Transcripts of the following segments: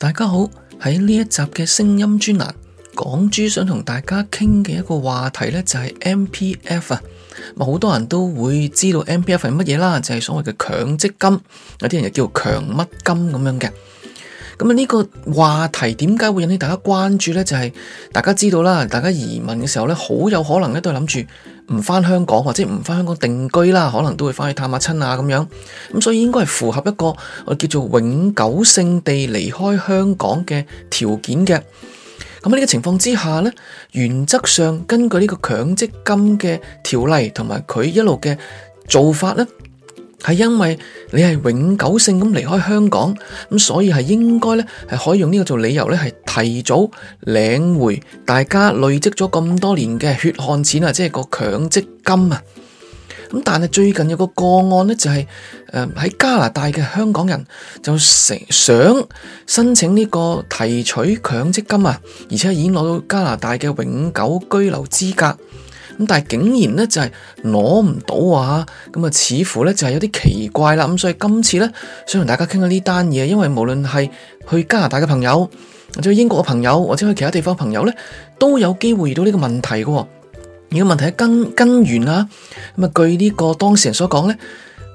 大家好，喺呢一集嘅聲音專欄，港珠想同大家傾嘅一個話題呢，就係 M P F 啊，好多人都會知道 M P F 係乜嘢啦，就係所謂嘅強積金，有啲人就叫強乜金咁樣嘅。咁啊呢個話題點解會引起大家關注呢？就係大家知道啦，大家移民嘅時候呢，好有可能咧都係諗住。唔翻香港或者唔翻香港定居啦，可能都會翻去探下親啊，咁樣，咁、嗯、所以應該係符合一個我哋叫做永久性地離開香港嘅條件嘅。咁、嗯、呢個情況之下呢，原則上根據呢個強積金嘅條例同埋佢一路嘅做法呢。係因為你係永久性咁離開香港，咁所以係應該咧，係可以用呢個做理由咧，係提早領回大家累積咗咁多年嘅血汗錢啊，即係個強積金啊。咁但係最近有個個案咧就係、是，誒、呃、喺加拿大嘅香港人就成想申請呢個提取強積金啊，而且已經攞到加拿大嘅永久居留資格。但係竟然呢就係攞唔到啊，咁啊似乎呢就係有啲奇怪啦，咁、嗯、所以今次呢，想同大家傾下呢單嘢，因為無論係去加拿大嘅朋友，或者去英國嘅朋友，或者去其他地方嘅朋友呢，都有機會遇到呢個問題嘅、哦。而個問題嘅根根源啊，咁啊據呢個當事人所講呢，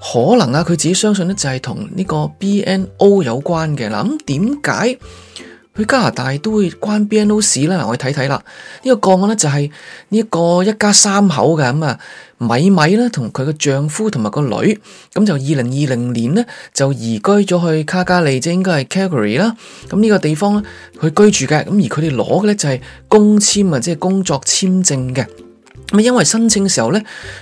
可能啊佢自己相信呢就係同呢個 BNO 有關嘅啦，咁點解？嗯去加拿大都會關 BNO 事啦，嗱，我哋睇睇啦，呢個個案咧就係呢個一家三口嘅，咁啊，米米咧同佢個丈夫同埋個女，咁就二零二零年咧就移居咗去卡加利，即係應該係 Calgary 啦，咁呢個地方去居住嘅，咁而佢哋攞嘅咧就係工簽啊，即係工作簽證嘅。咁因為申請時候呢，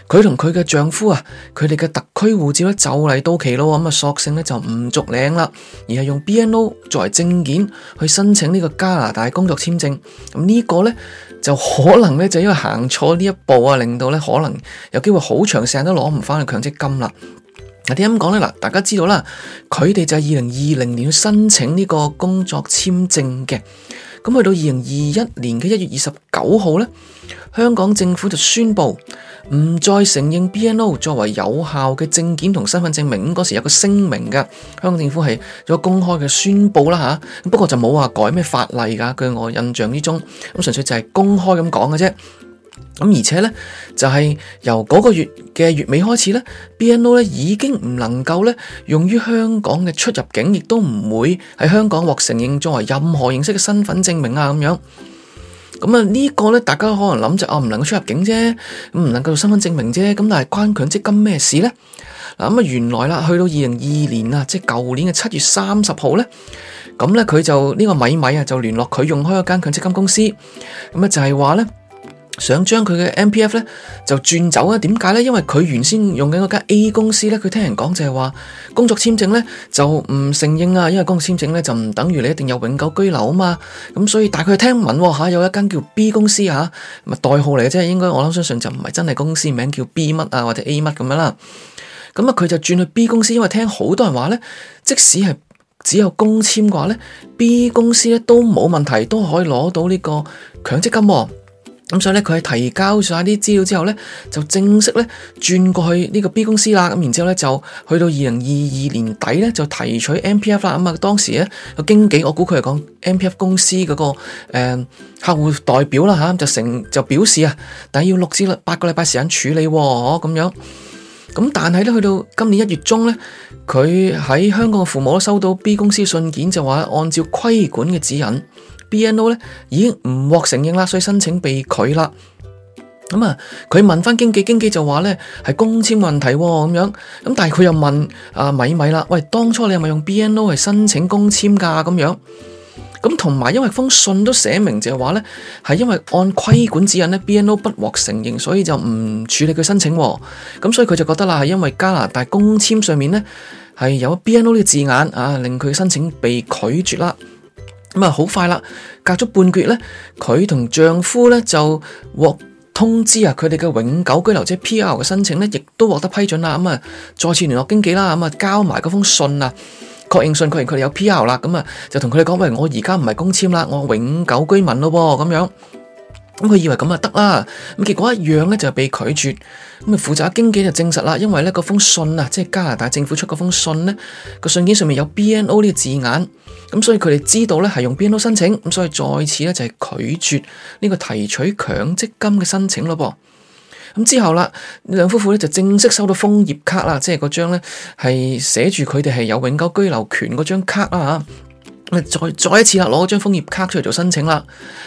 佢同佢嘅丈夫啊，佢哋嘅特區護照呢，就嚟到期咯，咁啊，索性呢，就唔續領啦，而係用 BNO 作為證件去申請呢個加拿大工作簽證。咁呢個呢，就可能呢，就因為行錯呢一步啊，令到呢可能有機會好長時間都攞唔返嘅強積金啦。嗱，點樣講呢？嗱，大家知道啦，佢哋就係二零二零年申請呢個工作簽證嘅。咁去到二零二一年嘅一月二十九號咧，香港政府就宣布唔再承認 BNO 作為有效嘅證件同身份證明。咁嗰時有個聲明㗎，香港政府係做公開嘅宣佈啦吓。不過就冇話改咩法例㗎，據我印象之中，咁純粹就係公開咁講嘅啫。咁而且呢，就係由嗰個月嘅月尾開始呢 BNO 呢已經唔能夠呢，用於香港嘅出入境，亦都唔會喺香港獲承認作為任何形式嘅身份證明啊咁樣。咁啊呢個呢，大家都可能諗就啊唔能夠出入境啫，唔能夠做身份證明啫。咁但係關強積金咩事呢？嗱咁啊原來啦，去到二零二二年啊，即係舊年嘅七月三十號呢，咁呢，佢就呢個米米啊就聯絡佢用開一間強積金公司，咁啊就係話呢。想將佢嘅 M P F 咧就轉走啊？點解咧？因為佢原先用緊嗰間 A 公司咧，佢聽人講就係話工作簽證咧就唔承認啊，因為工作簽證咧就唔等於你一定有永久居留啊嘛。咁所以大概聽聞嚇有一間叫 B 公司嚇，咪代號嚟嘅啫，應該我諗相信就唔係真係公司名叫 B 乜啊或者 A 乜咁樣啦。咁啊佢就轉去 B 公司，因為聽好多人話咧，即使係只有工簽嘅話咧，B 公司咧都冇問題，都可以攞到呢個強積金喎，哦。咁所以咧，佢係提交咗啲資料之後咧，就正式咧轉過去呢個 B 公司啦。咁然之後咧，就去到二零二二年底咧，就提取 MPF 啦。咁啊，當時咧個經紀，我估佢係講 MPF 公司嗰個誒客戶代表啦嚇，啊，就成就表示啊，但係要六至八個禮拜時間處理喎，咁樣。咁但係咧，去到今年一月中咧，佢喺香港嘅父母都收到 B 公司信件，就話按照規管嘅指引。BNO 咧，NO、已經唔獲承認啦，所以申請被拒啦。咁、嗯哦、啊，佢問翻經紀，經紀就話咧係工簽問題咁樣。咁但係佢又問阿米米啦，喂，當初你係咪用 BNO 去申請工簽噶咁樣？咁同埋因為封信都寫明就話咧，係因為按規管指引咧，BNO 不獲承認，所以就唔處理佢申請、哦。咁、嗯、所以佢就覺得啦，係因為加拿大工簽上面咧係有 BNO 呢個字眼啊，令佢申請被拒絕啦。咁啊，好快啦！隔咗半個月咧，佢同丈夫咧就獲通知啊，佢哋嘅永久居留者 P R 嘅申請咧，亦都獲得批准啦。咁、嗯、啊，再次聯絡經紀啦，咁、嗯、啊，交埋嗰封信啊，確認信確認佢哋有 P R 啦。咁、嗯、啊，就同佢哋講，喂，我而家唔係公簽啦，我永久居民咯、哦，噃」，咁樣。咁、嗯、佢以為咁啊得啦，咁結果一樣咧就係被拒絕。咁、嗯、啊，負責經紀就證實啦，因為咧嗰封信啊，即係加拿大政府出嗰封信咧，個信件上面有 B N O 呢個字眼。咁所以佢哋知道咧係用 BNO 申請，咁所以再次咧就係拒絕呢個提取強積金嘅申請咯噃。咁之後啦，兩夫婦咧就正式收到楓葉卡啦，即係嗰張咧係寫住佢哋係有永久居留權嗰張卡啦嚇。咁再再一次啊，攞張楓葉卡出嚟做申請啦。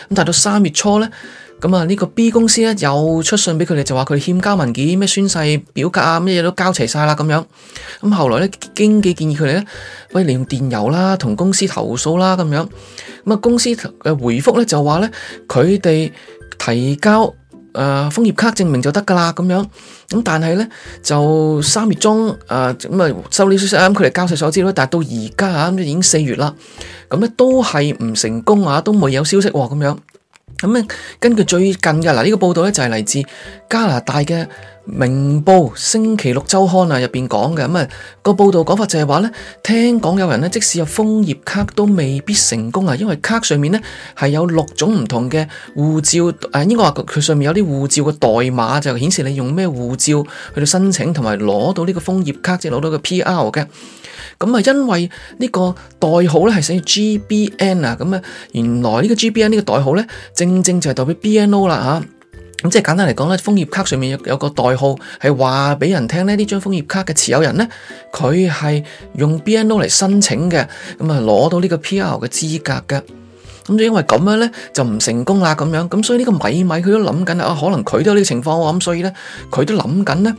咁但係到三月初咧。咁啊，呢個 B 公司咧又出信俾佢哋，就話佢哋欠交文件，咩宣誓表格啊，咩嘢都交齊晒啦咁樣。咁後來咧，經紀建議佢哋咧，喂，利用電郵啦，同公司投訴啦咁樣。咁啊，公司嘅回覆咧就話咧，佢哋提交誒楓葉卡證明就得噶啦咁樣。咁但係咧就三月中誒咁啊收到消息啊，佢哋交晒所知啦。但係到而家啊，咁已經四月啦，咁咧都係唔成功啊，都未有消息咁樣。咁根據最近嘅嗱呢個報道咧，就係嚟自加拿大嘅《明報星期六周刊》啊，入邊講嘅，咁啊個報道講法就係話咧，聽講有人咧，即使有楓葉卡都未必成功啊，因為卡上面咧係有六種唔同嘅護照，誒應該話佢上面有啲護照嘅代碼，就顯示你用咩護照去到申請同埋攞到呢個楓葉卡，即係攞到個 PR 嘅。咁啊，因為呢個代號咧係寫住 GBN 啊，咁啊，原來呢個 GBN 呢個代號咧，正正就係代表 BNO 啦吓，咁即係簡單嚟講咧，楓葉卡上面有有個代號，係話俾人聽咧，呢張楓葉卡嘅持有人咧，佢係用 BNO 嚟申請嘅，咁啊攞到呢個 PR 嘅資格嘅。咁就因為咁樣咧，就唔成功啦咁樣。咁所以呢個米米佢都諗緊啊，可能佢都有呢個情況喎。咁所以咧，佢都諗緊咧。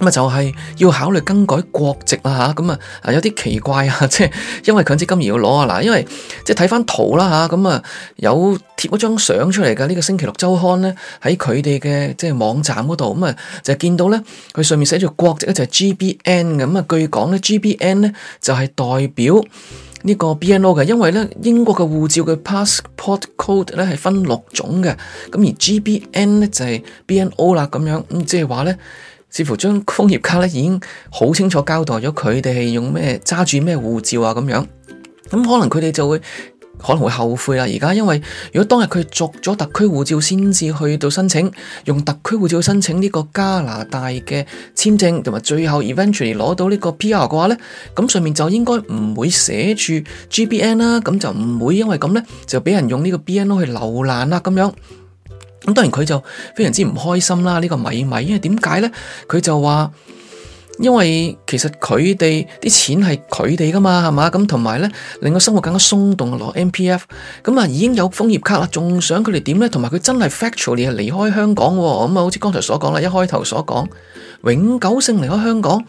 咁啊，就係要考慮更改國籍啦吓，咁啊，有啲奇怪啊，即係因為強積金而要攞啊嗱，因為即係睇翻圖啦吓，咁啊，嗯、有貼一張相出嚟噶呢個星期六周刊咧喺佢哋嘅即係網站嗰度，咁啊，就見到咧，佢上面寫住國籍咧就係 G B N 嘅，咁啊，據講咧 G B N 咧就係代表呢個 B N O 嘅，因為咧英國嘅護照嘅 passport code 咧係分六種嘅，咁而 G B N 咧就係 B N O 啦，咁樣即係話咧。似乎將楓葉卡咧已經好清楚交代咗佢哋係用咩揸住咩護照啊咁樣，咁、嗯、可能佢哋就會可能會後悔啦而家，因為如果當日佢續咗特區護照先至去到申請，用特區護照申請呢個加拿大嘅簽證，同埋最後 eventually 攞到呢個 PR 嘅話咧，咁上面就應該唔會寫住 GBN 啦，咁就唔會因為咁咧就俾人用呢個 BNO 去留難啦咁樣。咁當然佢就非常之唔開心啦，呢、這個米米，因為點解呢？佢就話，因為其實佢哋啲錢係佢哋噶嘛，係嘛？咁同埋呢，令個生活更加鬆動攞 MPF 咁啊，F，已經有楓葉卡啦，仲想佢哋點呢？同埋佢真係 factually 係離開香港喎，咁啊，好、嗯、似剛才所講啦，一開頭所講，永久性離開香港，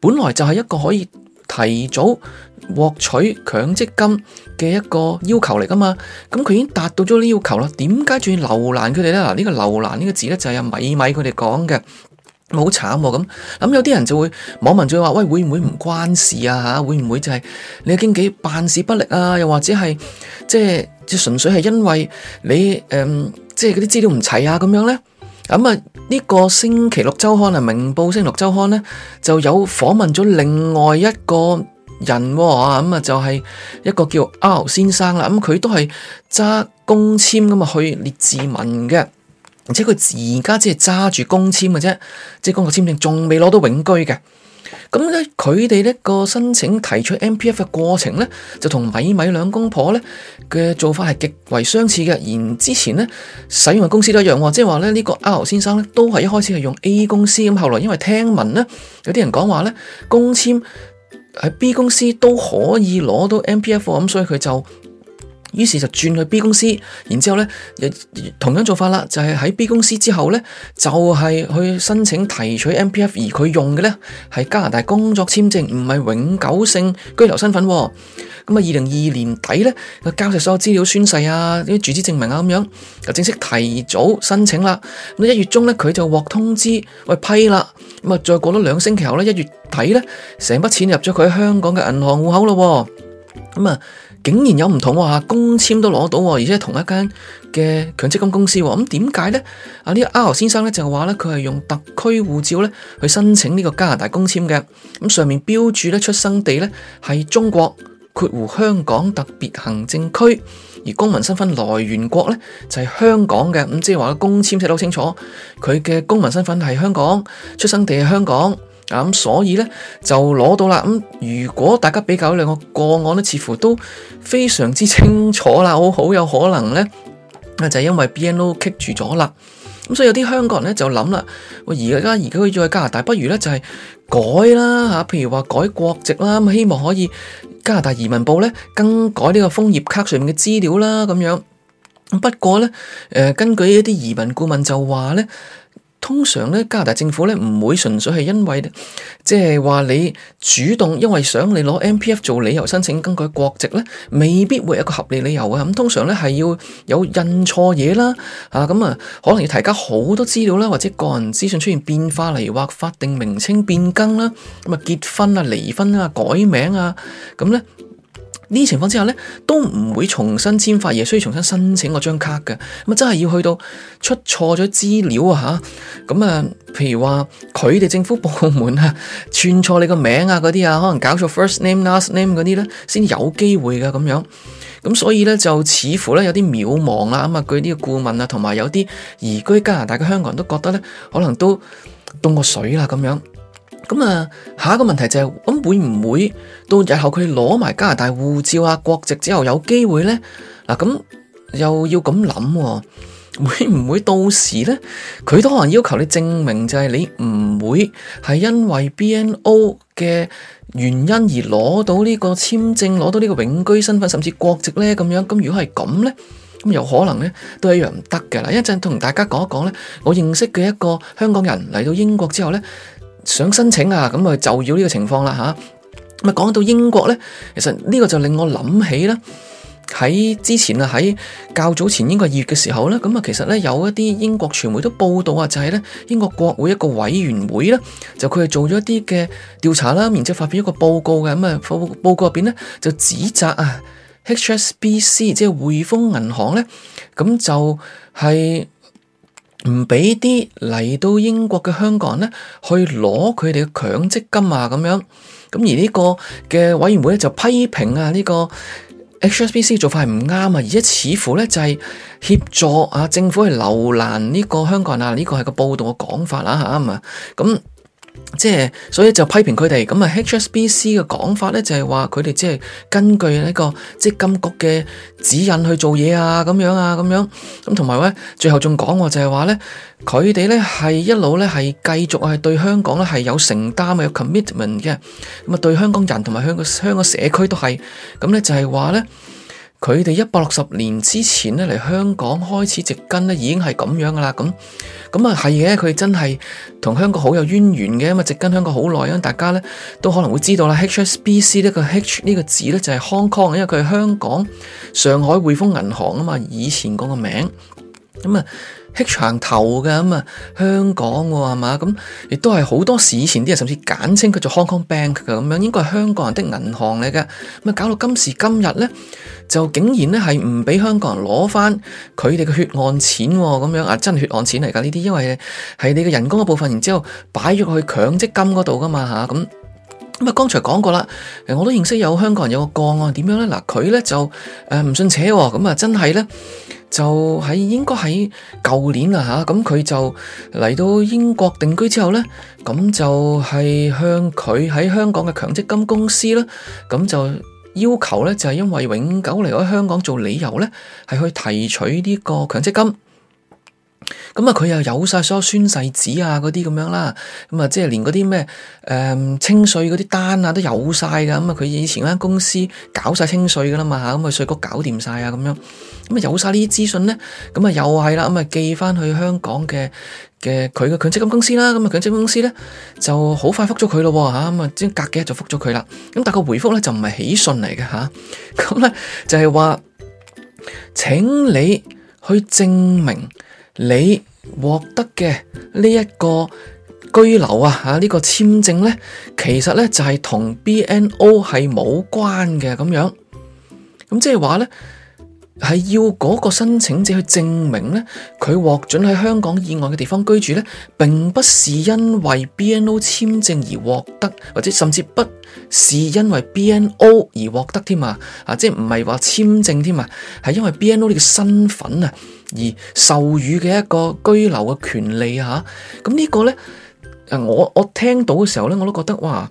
本來就係一個可以提早獲取強積金嘅一個要求嚟噶嘛，咁佢已經達到咗呢要求啦，點解仲要留難佢哋咧？嗱，呢個留難呢個字咧就係阿米米佢哋講嘅，咪好慘喎，咁，咁有啲人就會網民就會話喂，會唔會唔關事啊吓，會唔會就係你嘅經紀辦事不力啊，又或者係即係即純粹係因為你誒，即係嗰啲資料唔齊啊咁樣咧？咁啊，呢、嗯這個星期六周刊啊，《明報》星期六周刊呢，就有訪問咗另外一個人，哦，咁、嗯、啊就係、是、一個叫阿牛先生啦。咁、嗯、佢都係揸公簽咁啊去列治文嘅，而且佢而家只係揸住公簽嘅啫，即係公共簽證仲未攞到永居嘅。咁咧，佢哋呢個申請提出 M P F 嘅過程咧，就同米米兩公婆咧嘅做法係極為相似嘅。而之前咧，使用嘅公司都一樣，即係話咧，呢個阿豪先生咧，都係一開始係用 A 公司，咁後來因為聽聞咧，有啲人講話咧，公簽喺 B 公司都可以攞到 M P F，咁所以佢就。於是就轉去 B 公司，然之後呢，同樣做法啦，就係、是、喺 B 公司之後呢，就係、是、去申請提取 M P F，而佢用嘅呢，係加拿大工作簽證，唔係永久性居留身份、哦。咁啊，二零二二年底呢，咧，交齊所有資料宣誓啊，啲住址證明啊咁樣，就正式提早申請啦。咁一月中呢，佢就獲通知喂批啦。咁啊，再過咗兩星期後呢，一月底呢，成筆錢入咗佢香港嘅銀行戶口咯、哦。咁啊～竟然有唔同喎嚇，工簽都攞到喎，而且同一間嘅強積金公司喎，咁點解呢？阿呢阿 R 先生呢，就話呢，佢係用特區護照呢去申請呢個加拿大工簽嘅，咁上面標注呢，出生地呢係中國括弧香港特別行政區，而公民身份來源國呢就係香港嘅，咁即係話工簽寫得好清楚，佢嘅公民身份係香港，出生地係香港。咁、嗯、所以咧就攞到啦咁，如果大家比較兩個個案咧，似乎都非常之清楚啦，好好有可能咧，就係、是、因為 BNO 卡住咗啦。咁、嗯、所以有啲香港人咧就諗啦，而家而家佢在，在去加拿大，不如咧就係、是、改啦吓，譬如話改國籍啦，咁希望可以加拿大移民部咧更改呢個楓葉卡上面嘅資料啦，咁樣。不過咧，誒、呃，根據一啲移民顧問就話咧。通常咧，加拿大政府咧唔會純粹係因為即係話你主動，因為想你攞 MPF 做理由申請更改國籍咧，未必會有一個合理理由啊！咁通常咧係要有印錯嘢啦，啊咁啊，啊，可能要提交好多資料啦，或者個人資訊出現變化，例如話法定名稱變更啦，咁啊結婚啊、離婚啊、改名啊，咁、啊、咧。啊啊呢啲情況之下咧，都唔會重新簽發，亦需要重新申請嗰張卡嘅。咁啊，真係要去到出錯咗資料啊吓？咁啊，譬如話佢哋政府部門啊，串錯你個名啊嗰啲啊，可能搞錯 first name、last name 嗰啲咧，先有機會噶咁樣。咁所以咧，就似乎咧有啲渺茫啦。咁啊，據呢個顧問啊，同埋有啲移居加拿大嘅香港人都覺得咧，可能都凍過水啦咁樣。咁啊，下一個問題就係、是、咁會唔會到日後佢攞埋加拿大護照啊國籍之後有機會呢？嗱、啊、咁又要咁諗、哦，會唔會到時呢？佢都可能要求你證明就係你唔會係因為 BNO 嘅原因而攞到呢個簽證，攞到呢個永居身份，甚至國籍呢？咁樣。咁如果係咁呢，咁有可能呢，都係一樣唔得嘅啦。一陣同大家講一講呢，我認識嘅一個香港人嚟到英國之後呢。想申請啊，咁啊就要呢個情況啦吓，咁啊講到英國咧，其實呢個就令我諗起咧，喺之前啊，喺較早前英國二月嘅時候咧，咁啊其實咧有一啲英國傳媒都報道啊，就係、是、咧英國國會一個委員會咧，就佢係做咗一啲嘅調查啦，然之後發表一個報告嘅，咁啊報報告入邊咧就指責啊 HSBC 即係匯豐銀行咧，咁就係、是。唔畀啲嚟到英國嘅香港人咧，去攞佢哋嘅強積金啊，咁樣咁，而呢個嘅委員會咧就批評啊呢個 HSBC 做法係唔啱啊，而且似乎咧就係協助啊政府去留難呢個香港人啊，呢個係個報道嘅講法啦、啊、嚇，係嘛咁。即係，所以就批評佢哋。咁啊，HSBC 嘅講法咧就係話佢哋即係根據呢、這個積金局嘅指引去做嘢啊，咁樣啊，咁樣。咁同埋咧，最後仲講就係話咧，佢哋咧係一路咧係繼續係對香港咧係有承擔嘅有 commitment 嘅。咁啊，對香港人同埋香港香港社區都係。咁咧就係話咧。佢哋一百六十年之前咧嚟香港開始植根咧，已經係咁樣噶啦，咁咁啊係嘅，佢、嗯、真係同香港好有淵源嘅，咁啊植根香港好耐啊，大家呢都可能會知道啦，HSBC 呢個 H 呢個字咧就係、是、Hong Kong，因為佢係香港上海匯豐銀行啊嘛，以前嗰個名，咁、嗯、啊。劈牆頭噶咁啊，香港喎係嘛，咁亦都係好多史前啲人，甚至簡稱佢做 Hong Kong Bank 噶咁樣，應該係香港人的銀行嚟嘅。咁啊，搞到今時今日呢，就竟然呢係唔俾香港人攞返佢哋嘅血案錢咁、哦、樣啊，真係血案錢嚟噶呢啲，因為係你嘅人工嘅部分，然之後擺入去強積金嗰度噶嘛吓，咁咁啊，剛才講過啦，我都認識有香港人有個個案點樣呢？嗱，佢呢就誒唔信邪咁啊，真係呢。就喺應該喺舊年啊嚇，咁佢就嚟到英國定居之後咧，咁就係向佢喺香港嘅強積金公司啦。咁就要求咧，就係因為永久離開香港做理由咧，係去提取呢個強積金。咁啊，佢又、嗯、有晒所有宣誓紙啊，嗰啲咁樣啦。咁、嗯、啊，即係連嗰啲咩誒清稅嗰啲單啊，都有晒噶。咁、嗯、啊，佢以前嗰間公司搞晒清稅噶啦嘛吓，咁啊稅局搞掂晒啊，咁樣。咁、嗯、啊有晒呢啲資訊咧，咁、嗯、啊又係啦，咁、嗯、啊寄翻去香港嘅嘅佢嘅強積金公司啦。咁啊強積金公司咧就好快覆咗佢咯，吓咁啊即係、嗯、隔幾日就覆咗佢啦。咁、嗯、但係個回覆咧就唔係喜訊嚟嘅吓，咁、啊、咧、嗯、就係、是、話請你去證明，明。你獲得嘅呢一個居留啊，啊呢個簽證咧，其實咧就係同 BNO 係冇關嘅，咁樣，咁即係話咧。係要嗰個申請者去證明咧，佢獲准喺香港以外嘅地方居住咧，並不是因為 BNO 簽證而獲得，或者甚至不是因為 BNO 而獲得添啊？啊，即係唔係話簽證添啊，係因為 BNO 呢個身份啊，而授予嘅一個居留嘅權利啊，咁呢個咧，誒，我我聽到嘅時候咧，我都覺得哇！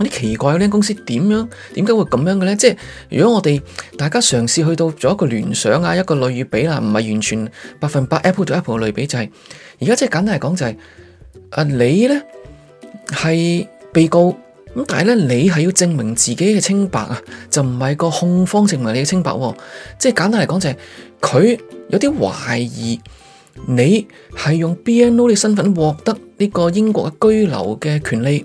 有啲奇怪嗰啲公司點樣？點解會咁樣嘅咧？即係如果我哋大家嘗試去到做一個聯想啊，一個類比啦，啊，唔係完全百分百 App Apple 做 Apple 嘅類比，就是、就係而家即係簡單嚟講就係、是、啊你咧係被告咁，但係咧你係要證明自己嘅清白啊，就唔係個控方證明你嘅清白喎，啊。即係簡單嚟講就係、是、佢有啲懷疑你係用 BNO 嘅身份獲得呢個英國嘅居留嘅權利。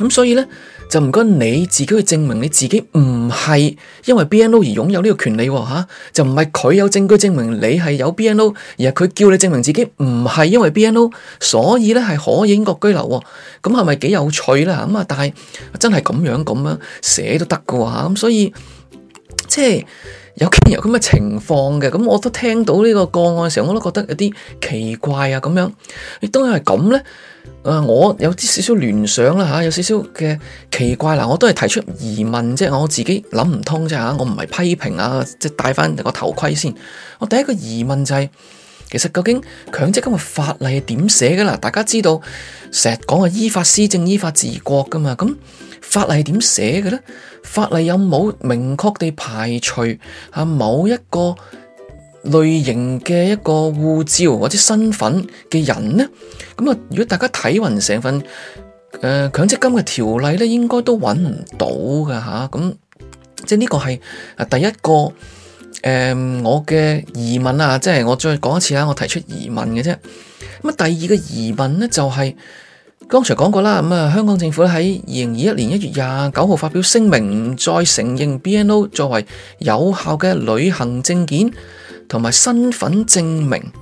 咁所以咧，就唔該你自己去證明你自己唔係因為 BNO 而擁有呢個權利吓、啊啊，就唔係佢有證據證明你係有 BNO，而係佢叫你證明自己唔係因為 BNO，所以咧係可以英國居留、啊，咁係咪幾有趣咧吓咁啊？但係真係咁樣咁樣寫都得噶話？咁所以即係有咁嘅情況嘅，咁我都聽到呢個個案嘅時候，我都覺得有啲奇怪啊咁樣，亦都係咁咧。誒，我有啲少少聯想啦吓，有少少嘅奇怪啦，我都係提出疑問啫，我自己諗唔通啫吓，我唔係批評啊，即係戴翻個頭盔先。我第一個疑問就係，其實究竟強積金嘅法例係點寫噶啦？大家知道，成日講啊，依法施政、依法治國噶嘛，咁法例係點寫嘅咧？法例有冇明確地排除啊某一個？類型嘅一個護照或者身份嘅人呢，咁啊，如果大家睇勻成份，誒、呃，強積金嘅條例呢，應該都揾唔到嘅吓，咁即係呢個係啊，嗯、第一個誒、呃，我嘅疑問啊，即係我再講一次啊，我提出疑問嘅啫。咁啊，第二個疑問呢，就係、是、剛才講過啦，咁啊，香港政府喺二零二一年一月廿九號發表聲明，唔再承認 BNO 作為有效嘅旅行證件。同埋身份證明。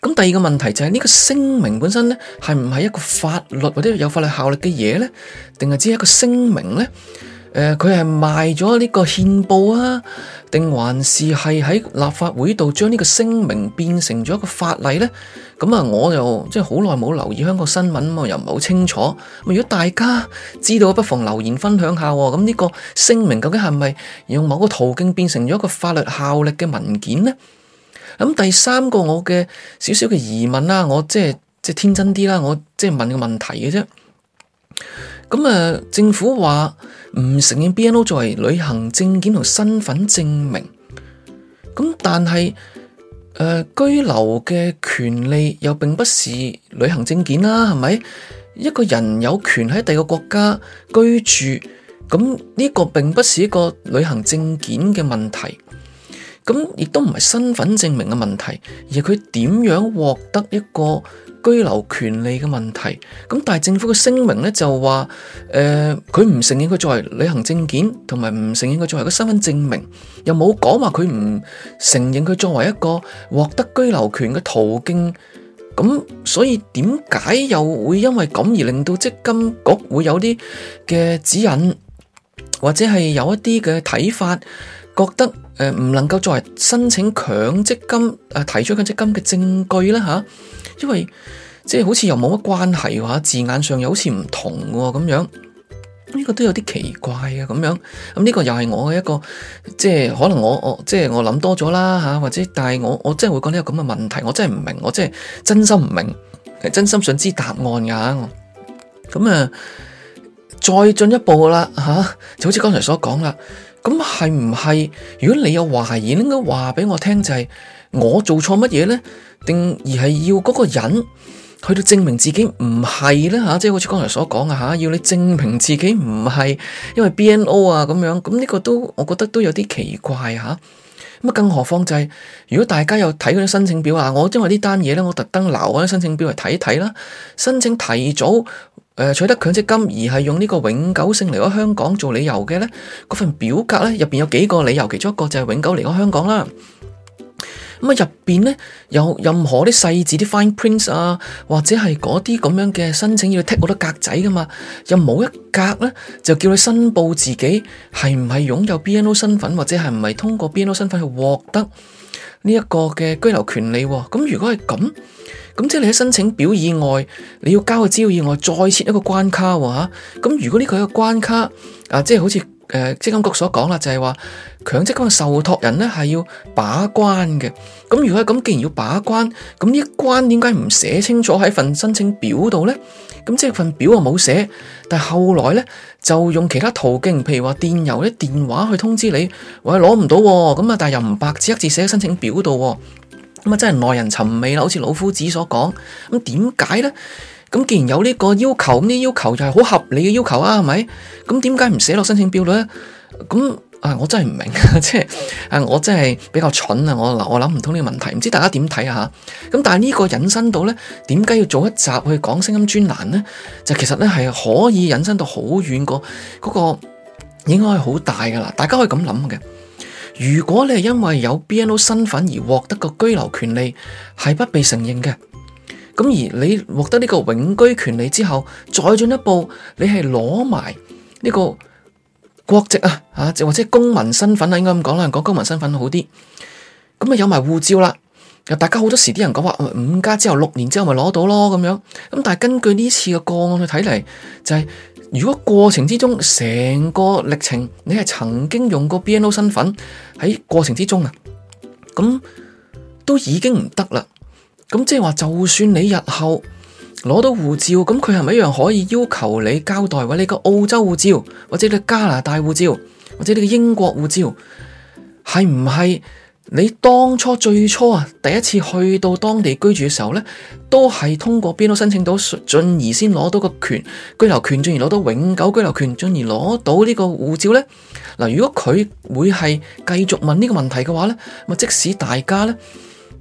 咁第二個問題就係呢個聲明本身咧，係唔係一個法律或者有法律效力嘅嘢咧？定係只係一個聲明咧？誒，佢係、呃、賣咗呢個憲報啊，定還是係喺立法會度將呢個聲明變成咗一個法例咧？咁啊，我又即係好耐冇留意香港新聞，我又唔係好清楚。如果大家知道，不妨留言分享下喎。咁呢個聲明究竟係咪用某個途徑變成咗一個法律效力嘅文件咧？咁第三個我嘅少少嘅疑問啦，我即係即係天真啲啦，我即係問個問題嘅啫。咁啊、呃，政府話。唔承認 BNO 作為旅行證件同身份證明，咁但係誒、呃，居留嘅權利又並不是旅行證件啦，係咪？一個人有權喺第二個國家居住，咁呢個並不是一個旅行證件嘅問題，咁亦都唔係身份證明嘅問題，而佢點樣獲得一個？居留權利嘅問題，咁但係政府嘅聲明呢就話，誒、呃，佢唔承認佢作為旅行證件，同埋唔承認佢作為個身份證明，又冇講話佢唔承認佢作為一個獲得居留權嘅途徑，咁所以點解又會因為咁而令到積金局會有啲嘅指引，或者係有一啲嘅睇法，覺得誒唔能夠作為申請強積金誒提出強積金嘅證據呢？吓？因為即係好似又冇乜關係嘅吓，字眼上又好似唔同嘅咁樣，呢個都有啲奇怪啊，咁樣。咁呢個又係我嘅一個，即係可能我我即係我諗多咗啦吓，或者但係我我真係會講呢個咁嘅問題，我真係唔明，我真係真心唔明，真心想知答案噶。咁啊，再進一步啦吓，就好似剛才所講啦。咁係唔係？如果你有懷疑，應該話俾我聽、就是，就係我做錯乜嘢呢？定而係要嗰個人去到證明自己唔係呢？吓、啊，即係好似剛才所講啊，吓，要你證明自己唔係，因為 BNO 啊咁樣。咁呢個都我覺得都有啲奇怪吓。咁啊，更何況就係、是、如果大家有睇嗰啲申請表啊，我因為呢單嘢呢，我特登留嗰啲申請表嚟睇一睇啦，申請提早。取得強積金而係用呢個永久性離開香港做理由嘅呢？嗰份表格呢，入邊有幾個理由，其中一個就係永久離開香港啦。咁啊，入邊呢，有任何啲細緻啲 fine print 啊，或者係嗰啲咁樣嘅申請要剔好多格仔噶嘛，有冇一格呢？就叫你申報自己係唔係擁有 BNO 身份，或者係唔係通過 BNO 身份去獲得呢一個嘅居留權利啊？咁如果係咁。咁即係你喺申請表以外，你要交嘅資料以外，再設一個關卡喎。咁、啊、如果呢個一個關卡，啊，即係好似誒積金局所講啦，就係、是、話強積金嘅受託人咧係要把關嘅。咁如果咁，既然要把關，咁呢關點解唔寫清楚喺份申請表度咧？咁即係份表啊冇寫，但係後來咧就用其他途徑，譬如話電郵咧、電話去通知你，喂，攞唔到喎，咁啊，但係又唔白紙黑字寫喺申請表度喎。咁啊，真係耐人尋味啦！好似老夫子所講，咁點解呢？咁既然有呢個要求，呢要求就係好合理嘅要求啊，係咪？咁點解唔寫落申請表度呢？咁啊，我真係唔明啊！即 係、就是、我真係比較蠢啊！我我諗唔通呢個問題，唔知大家點睇啊？咁但係呢個引申到呢，點解要做一集去講聲音專欄呢？就其實呢係可以引申到好遠個嗰個應該係好大噶啦！大家可以咁諗嘅。如果你係因為有 BNO 身份而獲得個居留權利，係不被承認嘅。咁而你獲得呢個永居權利之後，再進一步，你係攞埋呢個國籍啊，啊，或者公民身份啊，應該咁講啦，講公民身份好啲。咁啊，有埋護照啦。大家好多時，啲人講話五加之後六年之後咪攞到咯咁樣。咁但係根據呢次嘅個案去睇嚟，就係、是。如果過程之中成個歷程，你係曾經用過 BNO 身份喺過程之中啊，咁都已經唔得啦。咁即係話，就算你日後攞到護照，咁佢係咪一樣可以要求你交代話你個澳洲護照，或者你加拿大護照，或者你個英國護照係唔係？是你當初最初啊，第一次去到當地居住嘅時候咧，都係通過邊度申請到進而先攞到個權居留權，進而攞到永久居留權，進而攞到呢個護照咧。嗱，如果佢會係繼續問呢個問題嘅話咧，咁即使大家咧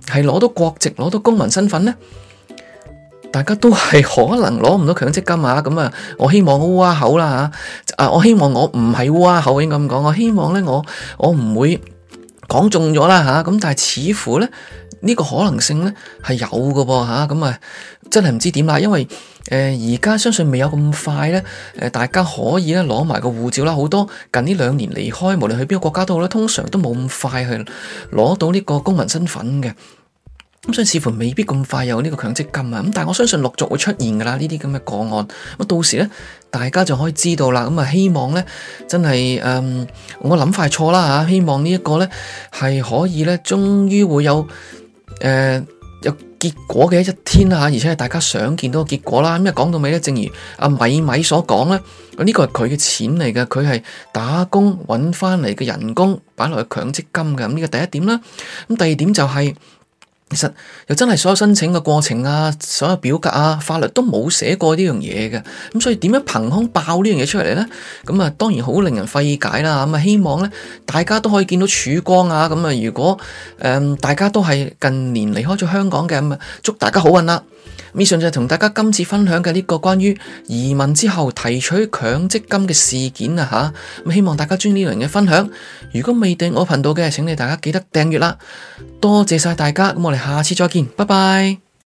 係攞到國籍，攞到公民身份咧，大家都係可能攞唔到強積金啊。咁啊，我希望我烏鴉口啦吓，啊，我希望我唔係烏鴉口應該咁講，我希望咧我我唔會。講中咗啦吓，咁但係似乎咧呢個可能性咧係有嘅噃吓，咁啊真係唔知點啦，因為誒而家相信未有咁快咧，誒大家可以咧攞埋個護照啦，好多近呢兩年離開無論去邊個國家都好咧，通常都冇咁快去攞到呢個公民身份嘅，咁所以似乎未必咁快有呢個強積金啊，咁、嗯、但係我相信陸續會出現噶啦呢啲咁嘅個案，咁、嗯、到時咧。大家就可以知道啦，咁啊希望咧真係誒，我諗快錯啦吓，希望呢一、呃、個咧係可以咧，終於會有誒、呃、有結果嘅一天吓，而且係大家想見到嘅結果啦。咁啊講到尾咧，正如阿、啊、米米所講咧，呢、這個係佢嘅錢嚟嘅，佢係打工搵翻嚟嘅人工擺落去強積金嘅，咁、這、呢個第一點啦。咁第二點就係、是。其實又真係所有申請嘅過程啊，所有表格啊，法律都冇寫過呢樣嘢嘅，咁所以點樣憑空爆呢樣嘢出嚟咧？咁啊，當然好令人費解啦。咁啊，希望咧大家都可以見到曙光啊。咁啊，如果誒、呃、大家都係近年離開咗香港嘅，咁啊，祝大家好運啦！以上就係同大家今次分享嘅呢個關於移民之後提取強積金嘅事件啊。吓，希望大家鍾意呢類嘅分享。如果未訂閱我頻道嘅，請你大家記得訂閱啦。多謝晒大家，咁我哋下次再見，拜拜。